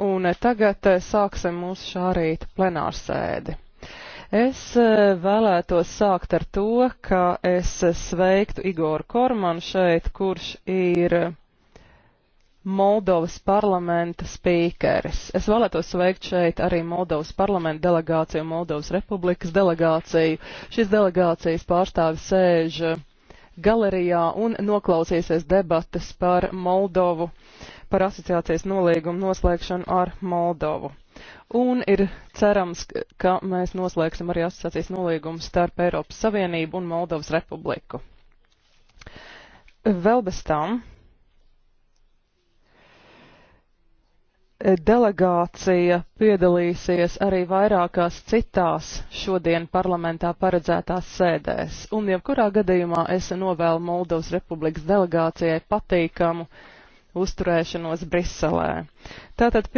un tagad eh, sāksim mūsu šā rīta plenārsēdi. Es eh, vēlētos sākt ar to, ka es sveiktu Igoru Kormanu šeit, kurš ir Moldovas parlamenta spīkeris. Es vēlētos sveikt šeit arī Moldovas parlamenta delegāciju, Moldovas republikas delegāciju. Šis delegācijas pārstāvis sēž galerijā un noklausīsies debatas par Moldovu. Uh, par asociācijas nolīgumu noslēgšanu ar Moldovu. Un ir cerams, ka mēs noslēgsim arī asociācijas nolīgumu starp Eiropas Savienību un Moldovas Republiku. Vēl bez tam delegācija piedalīsies arī vairākās citās šodien parlamentā paredzētās sēdēs, un jebkurā gadījumā es novēlu Moldovas Republikas delegācijai patīkamu uzturēšanos Briselē. Tātad